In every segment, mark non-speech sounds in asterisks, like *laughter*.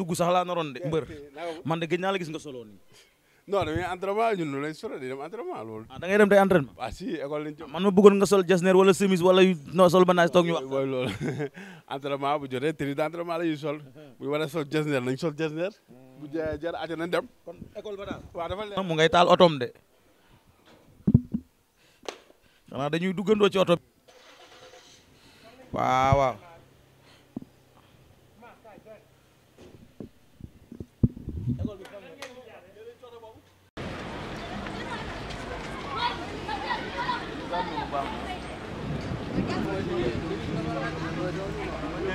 dugg sax laa naroon de mbër man de gëj naa la gis nga solo nii. non damay entraînement ñun lu lay solo di dem entraînement loolu. Ah, dem tey entraînement. ah si école lañ ah, man ma bëggoon nga sol jasneer wala sol *laughs* bu jotee tenue la ñuy sol bu war a sol jasneer nañ sol jasneer bu jee jar aja nañ dem. kon école ba daal waaw dafa leer mu ngay taal otoom de. xanaa dañuy duggandoo ci oto bi.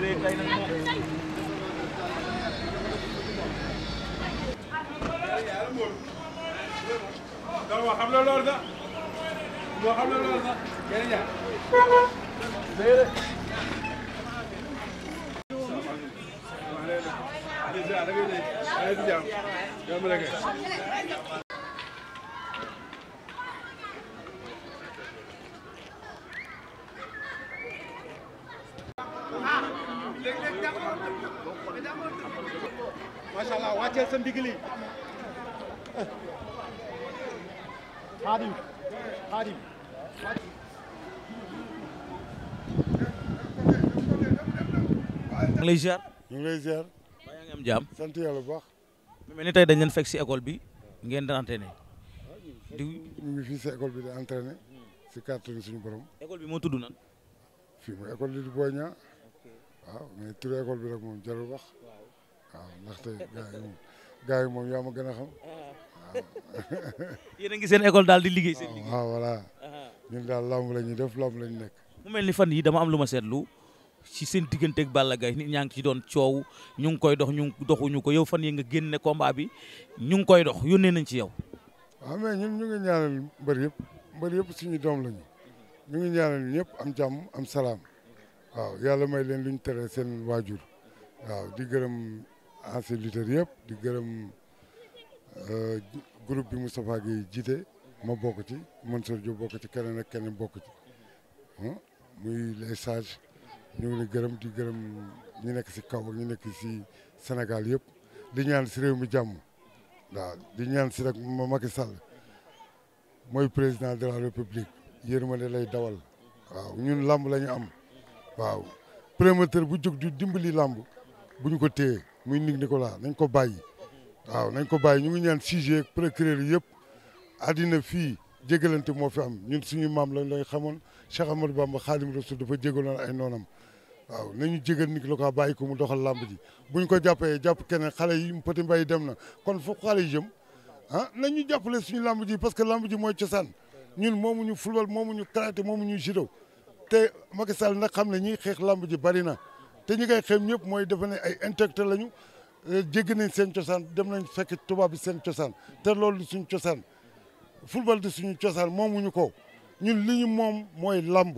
bëree tey nag moom. donc xam nga loolu sax boo xam nga loolu sax jërëjëf. déedéet. waaw léegi nag. macha allah wàcceel sa ndigli xaadim xaadim lay ziar ñu ngi lay ziar ba sant yàlla bu baax mel ni tey dañ leen fekk si école bi ngeen daan entraîné di ñu ngi si école bi di entraîné si kàttanu suñu borom école bi moo tudd nan fii mooy école li di Boy waaw mais turu école bi rek moom jarul wax waaw ndaxte gars yi moom gars yi yaa ma gën a xam. *laughs* yéen a ngi seen école daal di liggéey seen liggéey. waaw uh-huh. la ñuy def lamb la ñu nekk. mu mel ni fan yi dama am lu ma seetlu ci seen digganteeg Balla Gaye nit ñaa ngi ci doon coow ñu ngi koy dox ñu doxuñu ko yow fan yi nga génne combat bi ñu ngi koy dox yónnee nañ ci yaw waaw mais ñun ñu ngi ñaanal mbër yëpp mbër yëpp suñu doom lañu ñu ngi ñaanal ñëpp am jàmm am salaam waaw yàlla may leen luñ tere seen waajur waaw di gërëm. ancien lutteur yëpp di gërëm euh, group bi Moustapha Guèye jiite ma bokk ci Mansour Diop bokk ci keneen ak keneen bokk ci ah, muy les sages ñu ngi lay gërëm di gërëm ñu nekk si kaw ñu nekki si senegal yëpp di ñaan si réew mi jàmm waaw di ñaan si rek Macky Sall mooy président de la république yërmande lay dawal waaw ñun làmb lañu am waaw promoteur bu jóg di dimbali làmb bu ñu ko téye muy Luc Nicolaï nañ ko bàyyi waaw nañ ko bàyyi ñu ngi ñaan sujet ak procureur yëpp àddina fii jégalante moo fi am ñun suñu maam lañ lay xamoon Cheikh Amadou Bamba Xaadim Rasul dafa jégaloon ay noonam waaw nañu jégal Luc Nicolaï bàyyi ko mu doxal làmb ji buñ ko jàppee jàpp keneen xale yi Petit Mbaye dem na kon foofu xale yi jëm ah nañu si suñu làmb ji parce que làmb ji mooy cosaan ñun moomuñu football moomuñu karaté ñu judo te Macky Sall nag xam ne ñiy xeex làmb ji bari na te ñi koy xeem ñëpp mooy defe nañ ay intellectuels lañu euh, jéggi nañ seen cosaan dem nañ fekk tubaab bi seen cosaan te loolu di suñu cosaan football di suñu cosaan moomuñu ko ñun li ñu moom mooy làmb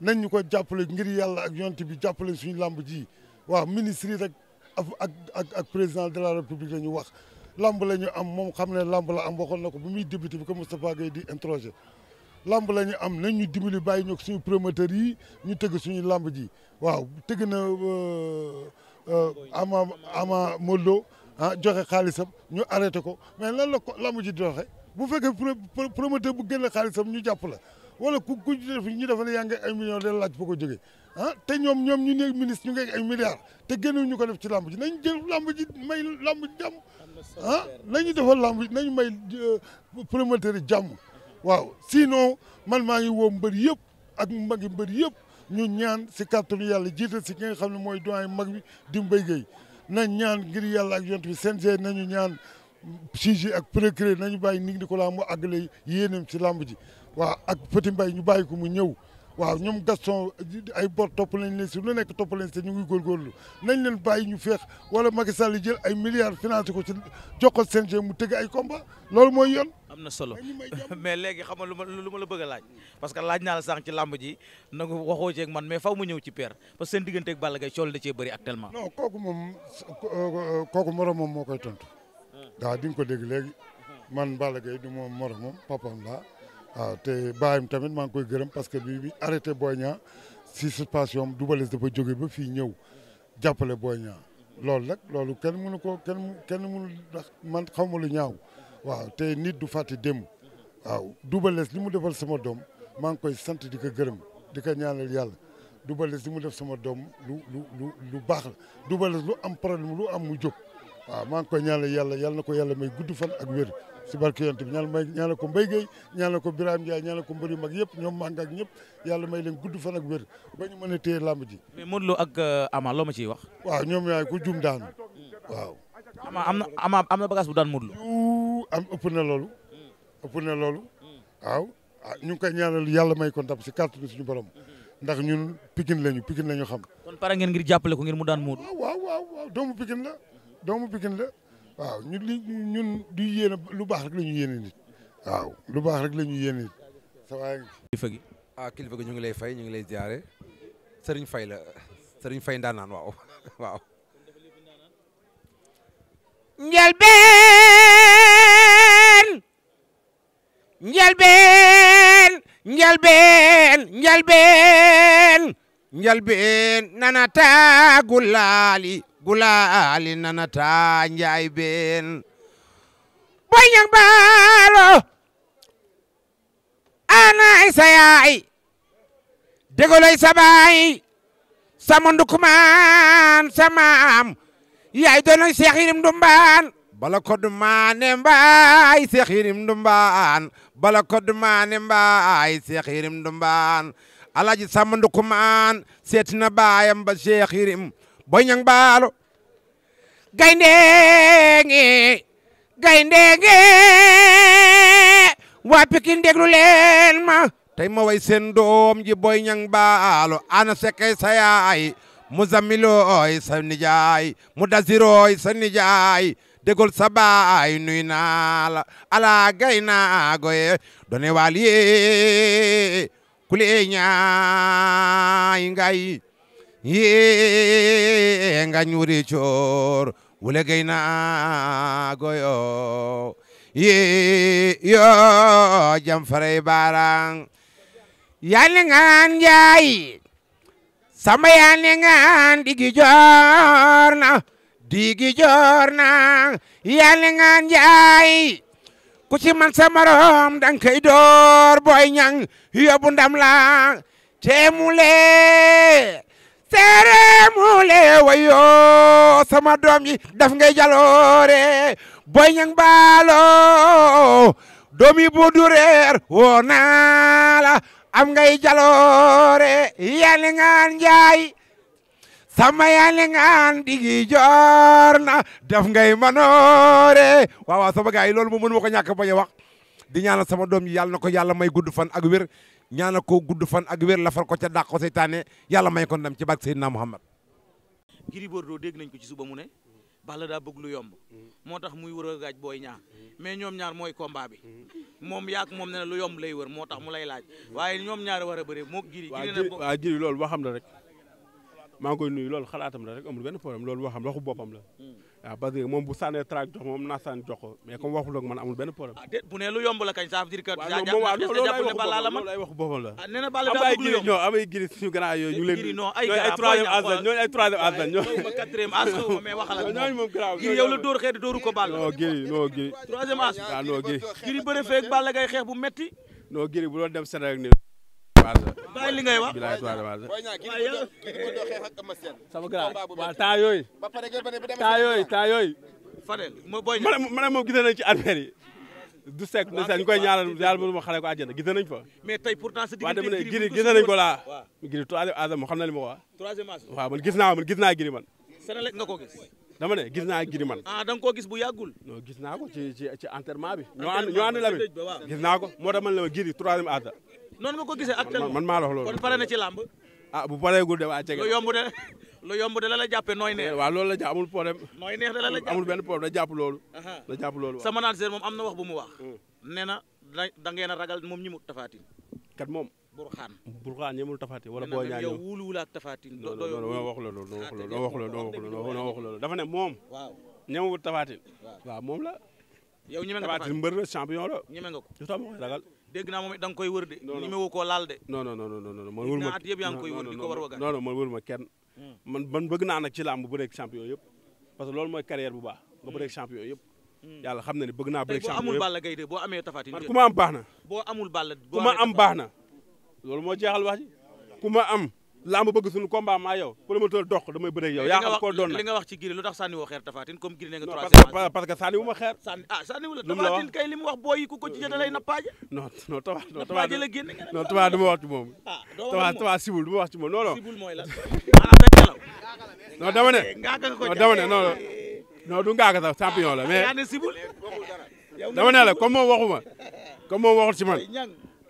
nañ ñu ko jàppale ngir yàlla ak yonent bi jàppale suñu làmb ji waaw ministre yi rek ak ak ak président de la république la ñu wax lamb lañu am moom xam ne làmb la am waxoon na ko bu muy débuté bi ko Moustapha Gueye di interroger lamb la ñu am nañ ñu dimbali bàyyi ñoog suñu promoteur yi ñu tëgg suñu lamb ji waaw tëgg na euh, euh, ama ama Modou ah joxe xaalisam ñu arrêté ko mais lan la ko lamb ji di bu fekkee promoteur bu génne xaalisam ñu jàpp la wala ku ku def ñu defal yaa ngi ay millions de laaj boo ko jógee ah te ñoom ñoom ñu ne ministre ñu ngi ay milliards te génnuñu ñu ko def ci lamb ji nañ jël lamb ji may lamb jàmm ah nañu defal lamb ji nañ may euh, promoteur yi jàmm waaw sinon man maa ngi woo mbër yëpp ak magi mbër yëpp ñu ñaan si kàttanu yàlla jiital si ki nga xam ne mooy doyen mag bi di Mbaye Gueye na ñaan ngir yàlla ak yont bi CNG nañu ñaan juge ak procureur nañu bàyyi nit ñi ko laa mu àggale yéenam si làmb ji waaw ak Petit mbay ñu bàyyi ko mu ñëw waaw ñoom Gaston ay bor topp lañ ne si lu nekk topp lañ si ñu ngi góorgóorlu nañ leen bàyyi ñu feex wala Macky Sall jël ay milliards financé ko ci jox ko CNG mu tëgg ay combat loolu mooy yoon. am na solo *laughs* mais léegi xam nga lu ma lu ma la bëgg a laaj parce que laaj naa la sànq ci làmb ji nangu waxoo ceeg man mais faw mu ñëw ci peer parce que seen diggante ak Balla Gaye cool da cee bëri actuellement. kooku moom kooku morom moom moo koy tontu. waaw hmm. di ko dégg léegi man Balla Gaye du ma moromam papaam laa. waaw te baayam tamit maa ngi koy gërëm parce que bi bi arrêté Boy Niang si suspension Double Less dafa jóge ba fii ñëw jàppale Boy Niang loolu nag loolu kenn mënu ko kenn kenn mënu man xaw ma lu ñaaw waaw te nit du fàtte démb waaw Double Less li mu defal sama doom maa ngi koy sant di ko gërëm di ko ñaanal yàlla Double Less li mu def sama doom lu lu lu lu baax la Double Less lu am problème lu am mu jóg waaw maa ngi koy ñaanal yàlla yàlla na ko yàlla may gudd fan ak wér si barke yonent bi ñaanal may ko Mbaye Gueye ñaanal ko Birame ko mbëri mag yëpp ñoom mànga ak ñëpp yàlla may leen gudd fan ak wér ba ñu mën a téye làmb ji. mais Modou Lo ak euh, ciy wax. waaw ñoom yaay ku juum daanu waaw. Ama am na Ama am na bu daan Modou Lo. am ëpp na loolu. na loolu. waaw ah, ñu ngi koy ñaanal yàlla may ko si carte bi borom. ndax ñun Pikine lañu Pikine lañu xam. kon pare ngeen ngir jàppale ko ngir mu daan Modou. Ah, waaw doomu Pikine la doomu Pikine la waaw ñun du yéene lu baax rek la ñuy yéene waaw lu baax rek la ñuy yéene nit sa waay ah, ñu ngi lay fay ñu ngi lay ziare Serigne Faye la Serigne Faye ndaanaan waaw *laughs* waaw njalbeen njalbeen njalbeen njalbeen njalbeen nana taagu laali gulaali nana taa njaay been boy ñang baalo anaay sa yaay dégoloy sa baay sama ndukumaan sa yaay doonoy seex yirim dumbaan bala ko du maane seex yirim dumbaan bala ko du maane seex yirim dumbaan alaaji sama ndukumaan seet na baayam ba seex yirim boy ñang baalo gaynde ngi gaynde ngi waa Pikine déglu leen ma tey ma way seen doom ji boy ñang baalo ana sekay sa yaay mu zamilooy sa nijaay mu dasirooy sa nijaay dégol sa baay nuy naa ala gay naagoye done waal yee kule ñaay ngay yee nga ñuuri coor wule gay na goyo yee yoo jam faray baarang yaale ngaan yaay sama yaale ngaan digi joor na digi joor na yaale ngaan yaay ku ci man sa morom dang kay door boy ñang yóbbu ndam la teemule seere muule wayo sama doom yi daf ngay jaloore boy ñang baalo doomi bu dureer woo naa la am ngay jaloore yali ngaan njaay sama yali ngaan digi joor na daf ngay manoore waaw waaw sama gaay yi loolu moom mënu ko ñàkk bañ a wax di ñaanal sama doom yi yàlla na ko yàlla may gudd fan ak wér ñaana ko gudd fan ak wér la far ko ca dàq ko seytaane yàlla may kon ndam ci bàq Seydina Muhammad. Gris Bordeaux dégg nañ ko ci suba mu ne. Balla daa bëgg lu yomb. moo tax muy wër a gaaj booy ñaar mais ñoom ñaar mooy combat bi. moom yaak moom ne lu yomb lay wër moo tax mu lay laaj. waaye ñoom ñaar war a bëree moo Gris. waaw Gris loolu waxam la rek. maa ngi koy nuyu loolu xalaatam la rek amul benn problème loolu waxam waxu boppam la. Hmm. waaw parce que moom bu sànnee trac jox moom naa sànni jox ko mais comme waxul ak man amul benn problème. ah déet bu ne lu yomb la kañ ça veut dire que. waaw moom waaw loolu ah, ay waxu as lañ ñooñu ay quatrième as mais waxal *laughs* la dóor xeet dóoru ko Balla. non giri non giri troisième as waaw ah, giri giri bëre feeg Balla Gaye xeex bu metti non giri bu doon dem seen rek bàyyi li ngay wax bilaay trois avance sama grand waaw temps yooyu temps yooyu temps yooyu Fadel ma boy ma ne moom gis nañ ci armeel du sec du sec ñu koy ñaanal yàlla mënu ma xale ko àjjana gis nañ fa mais tey pourtant giri na ma ko man gis naa giri man Senelec nga ko gis giri man ah da bu yàggul non gis naa ko ci ci ci enterrement bi ñoo ànd ñoo ànd ko moo tax la ma giri troisième âge noonu nga ko gisee actuellement man maa la wax loolu kon pare na ci làmb. ah bu pareegul de waa cege. lu yomb de yomb de la la jàppe nooy neex. Eh, waaw loolu la jàpp amul problème. nooy neex de la la jàppee amul benn problème da jàpp loolu. da jàpp loolu moom am na wax bu mu wax. Hmm. nee na da ngeen a ragal moom ñi mu tafaatin. kat moom. burxaan burxaan ñemul tafaatin wala boo ñaan yow wuulu wuula ak tafaatin. doo ah, wax loolu doo wax loolu doo wax loolu doo wax loolu dafa ne moom. waaw ñemul tafaatin. waaw moom la. yow ñeme nga tafaatin mbër la champion la. ñeme ko lu tax dégg naa moom it da nga koy wër de. non non ñemewu koo laal de. non non non non non man wër ma at yëpp yaa ngi koy wër di ko war waga non non man wër ma kenn. Hmm. man man bëgg naa nag ci làmb bu bëreeg champion yëpp parce que loolu mooy carrière bu baax nga bëreeg hmm. champion yëpp. Hmm. yàlla xam na ne bëgg naa bëreeg champion yëpp boo amul Balla Gaye de boo am baax na. boo amul Balla ku ma am baa na. loolu moo jeexal wax ji ma am lamb bëgg suñu combat maa yow promoteur dox damay bëre yow yaa xam koo wax ci Gris lu tax sànni woo xeer Tapha Tine comme Gris ne nga trois parce que sànni wu ma xeer sànni ah sànni wu la Tapha Tine kay li mu wax booyi ku ko ci jëta lay nappaaje non non Tapha non Tapha la génn non Tapha du wax ci moom ah, Tapha Tapha sibul du ma wax moom non non sibul du ngaaga sax champion la mais dama ne la comme moom waxuma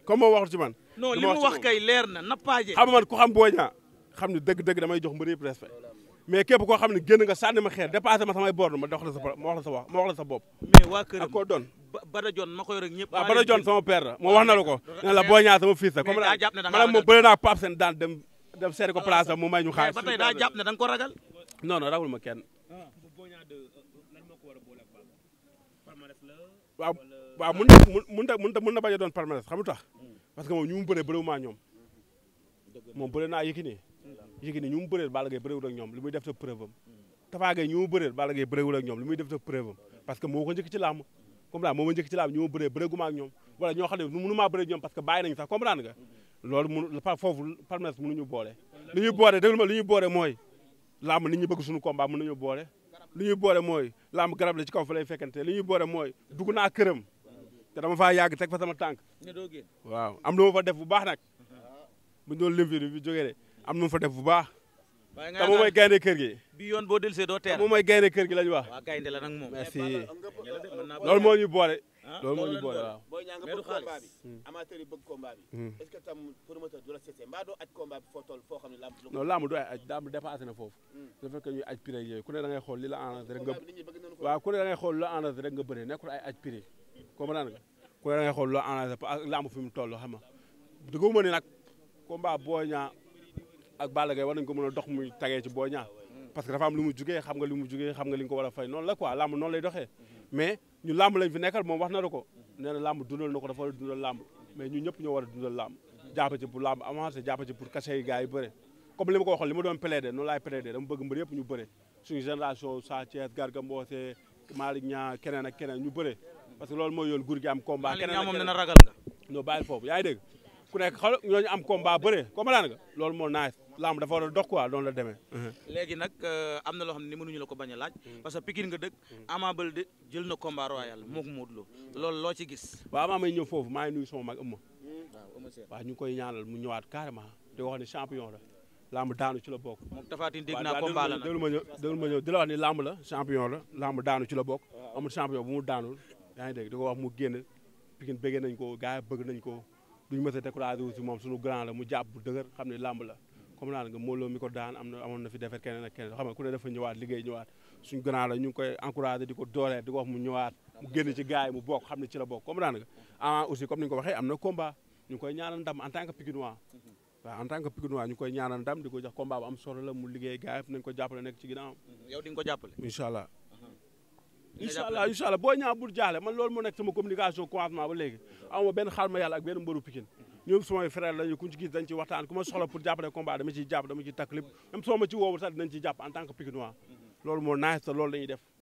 comme moom waxul ci man non li mu wax kay leer na nappaaje. xam man ku xam boo ñaa xam ne dëgg-dëgg damay jox mbër yëpp respect mais képp koo xam ne génn nga sànni ma xeer dépassé ma samay bord ma dox la sa ma wax la sa wax ma wax la sa bopp. mais waa këram ak koo doon. Bada John ma koy rek ñëpp. waaw ah, Bada John sama père la moo wax na la ko. Ah, nee la boo ñaa sama fils la. comme maanaam moom bëri naa Pape Sène daan dem dem seeti ko ah, place am mu may ñu xaar. ba tey daa jàpp ne da nga ko ragal. non non ragul ma kenn. Euh, euh, waaw waaw mun na mun na mun na bañ a doon palmarès xam lu tax parce que moom ñu mu bëree bëriwu maa ñoom moom bëri naa Yékini Yékini ñu mu bëree Balla Gaye bëriwul ak ñoom li muy def ta preuve am Tapha Gueye ñu li muy def ta preuve am parce que moo ko njëkk ci làmb comprendre moo ma njëkk ci làmb ñu ma bëree bëree gu ma ak ñoom wala ñoo xam ne mënu maa bëree parce que bàyyi nañu sax comprendre nga loolu mënu par foofu palmarès mënuñu boole li ñuy boole déglu ma garab la ci kaw fa lay fekkante li ñuy boole mooy dugg naa këram te dama fa yàgg teg fa sama tànk waaw am lu ma fa def bu baax nag buñu doon lim fi bi jógee de am lu ma fa def bu baax te moom mooy gaynde kër gi bi yoon boo dellusee doo teel moom mooy gaynde kër gi lañu wax la nag moom merci loolu moo ñu boole ah? loolu moo ñu boole waaw booy ñaa nga hmm. bëgg combat bi amateur hmm. yi tam promoteur du la seet mbaa doo aj combat xam ne lamb non lamb du ay na foofu hmm. su fekkee ñuy aj yooyu ku ne da ngay xool li la arrangé rek nga waaw ku ne da ngay nga bëri nekkul ay aj comprendre nga ku ne da ngay xool loo arrangé parce que lamb fi mu toll xam nga dëgguma ne nag combat Boy Niang ak Balla Gaye ko a dox muy tagee ci Boy Niang parce que dafa lu mu jugee xam nga lu mu jugee xam nga li nga ko war a fay noonu la quoi lamb noonu lay doxee mais ñu lamb lañ fi nekkal moom wax na la ko nee na lamb dundal na ko dafa war a dundal lamb mais ñu ñëpp ñoo war a dundal lamb jàpp ci pour lamb avancé jàpp ci pour kase yi gars yi bëre comme li ma ko waxoon li ma doon plaider noonu laay plaider dama bëgg mbër yëpp ñu bëre suñu génération Sa Thiès Garga Mbossé Malick keneen ak keneen ñu bëre parce que loolu moo yoon gur am combat keneen moom dana ragal nga non bàyyil foofu yaa ngi dégg ku nekk xaw ñooñu am combat bëre comme daan nga loolu moo naaj lamb dafa war a dox quoi noonu la demee mhm. léegi nag euh, am na loo xam ne ni mënuñu la ko bañ a laaj mhm. parce que Pikine nga dëkk Ama Baldé jël na combat royal mook Modou Lo loolu loo ci gis waaw amaa may ñëw foofu maa ngi nuyu sama mag ëmma waaw ñu ngi koy ñaanal mu ñëwaat carrément di wax ne champion la lamb daanu ci la bokk moom Tafatine dégg naa combat la nag la wax ni lamb la champion la lamb daanu ci la bokk champion bu mu daanul yaa ngi dégg di ko wax mu génn Pikine bëggee nañ ko gars yi bëgg nañ ko duñ a moom suñu grand mu jàpp bu dëgër xam ne làmb la comme naan nga Modou Lo mi ko daan am na amoon na fi defet keneen ak keneen xam nga ku ne dafa ñëwaat liggéey ñëwaat suñu grand la ñu ngi koy encouragé di ko dooleel ko wax mu ñëwaat mu génn ci gars mu bokk xam ne ci la bokk comme naan ko waxee am na combat ñu ngi koy ñaanal ndam la mu liggéey gars yi nañ ko jàppale nekk ci ginnaawam jàppale incha allah incha allah incha allah boo ñaa bul jaaxle man loolu moo nekk sama communication commencement ba léegi amuma benn xaar ma yàlla ak benn mbëru Pikine ñoom samay frère lañu kuñ ci gis dañ ci waxtaan ku ma soxla pour jàppale combat dama ciy jàpp dama ciy takk lépp même soo ma ci woowu sax dinañ ci jàpp en tant que Pikinois loolu moo naaj te loolu def